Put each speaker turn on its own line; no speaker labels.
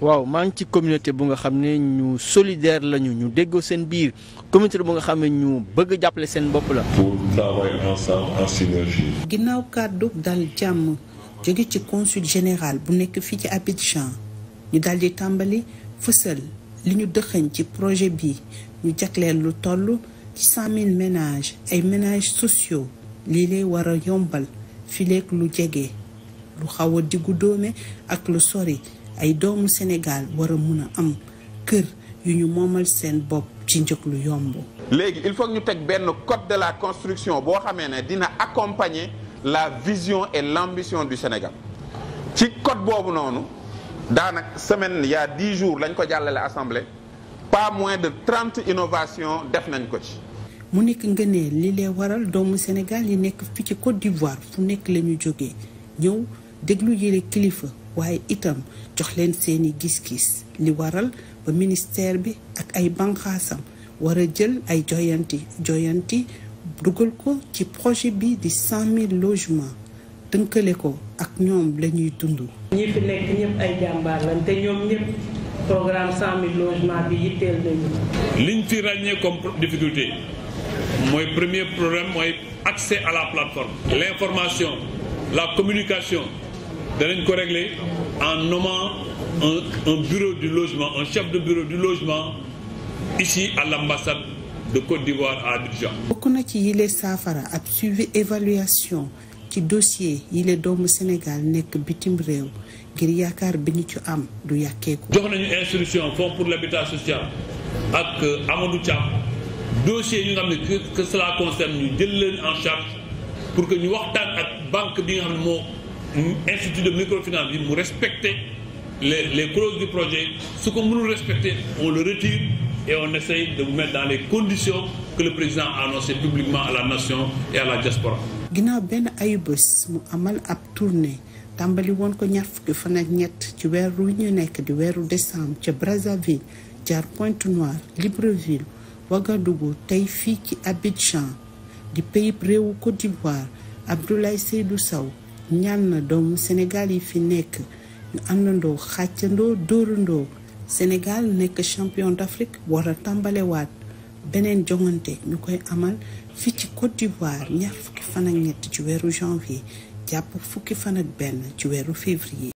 waaw maa ngi ci communauté bu nga xam ne ñu solidaire lañu ñu déggoo seen biir communauté bu nga xam ne ñu bëgg jàppale seen bopp la. pour
travailler ensemble
en synergie.
ginnaaw kàddu dal jàmm jóge ci consul général bu nekk fii ci Abidjan ñu daal di tàmbali fësal li ñu dëxëñ ci projet bi ñu jagleel lu toll ci cent mille ay ménages sociaux lii lay war a yombal fileek lu jege. lu xaw a diggu doome ak lu sori ay doomu Sénégal war a mun a am kër yu ñu moomal seen bopp ci njëg lu yomb.
léegi il faut ñu teg benn code de la construction boo xamee ne dina accompagner la vision et l'ambition du Sénégal ci code boobu noonu daanaka semaine il y a dix jours lañ ko jàllale assemblée pas moins de trente innovations def nañ ko ci.
mu nekk ngëneel li lay waral doomu Sénégal yi nekk fii ci Côte d'Ivoire fu nekk la ñu jógee ñëw. déglu yëre kilifa waaye itam jox leen seeni gis-gis li waral ba ministère bi ak ay banqaasam war a jël ay joyanti joyanti dugal ko ci projet bi di cent mille logements tënkale ko ak ñoom la ñuy dund. ñi fi nekk ñëpp ay jàmbaar ñoom ñëpp programme logements bi yitteel nañu.
liñ fi ràññee comme difficulté mooy premier problème mooy accès à la plateforme. l'information la communication. danañ ko régler en nommant un, un bureau du logement un chef de bureau du logement ici à de Côte d'Ivoire à Abidjan. bokk
na ci yile saafara ab suivi évaluation ci dossier yile doomu Sénégal nekk bitim réew ngir yaakaar bi ñu ci am du yàqeeku.
jox nañu instruction fonds pour l'habitat social ak euh, Amadou Thiam dossier yi nga xam ne que cela concerne ñu jël leen en charge pour que ñu waxtaan ak banque bi nga xam ne moo. institut de microfinance bi mu respecter les les clauses du projet su ko mënul respecter on le retire et on essaye de vous mettre dans les conditions que le président a annoncé publiquement à la nation et à la diaspora.
ginnaaw benn ayu bés mu amal ab tournée tàmbali woon ko ñaar fukki fan ak ñett ci weer wu ñu nekk di weeru décembre ca Brazzaville jaar Pointe-Noire Libreville Ouagadougou tey fii ci Abidjan di pays réewu Côte d'Ivoire Abdoulaye Seydou Sow. ñaan na doomu Sénégal yi fi nekk ñu àndandoo xàccandoo dóorandoo Sénégal nekk champion d'Afrique war a tàmbalewaat beneen joŋante ñu koy amal fii ci Côte d'Ivoire ñaar fukki fan ak ñett ci weeru janvier jàpp fukki fan benn ci weeru février.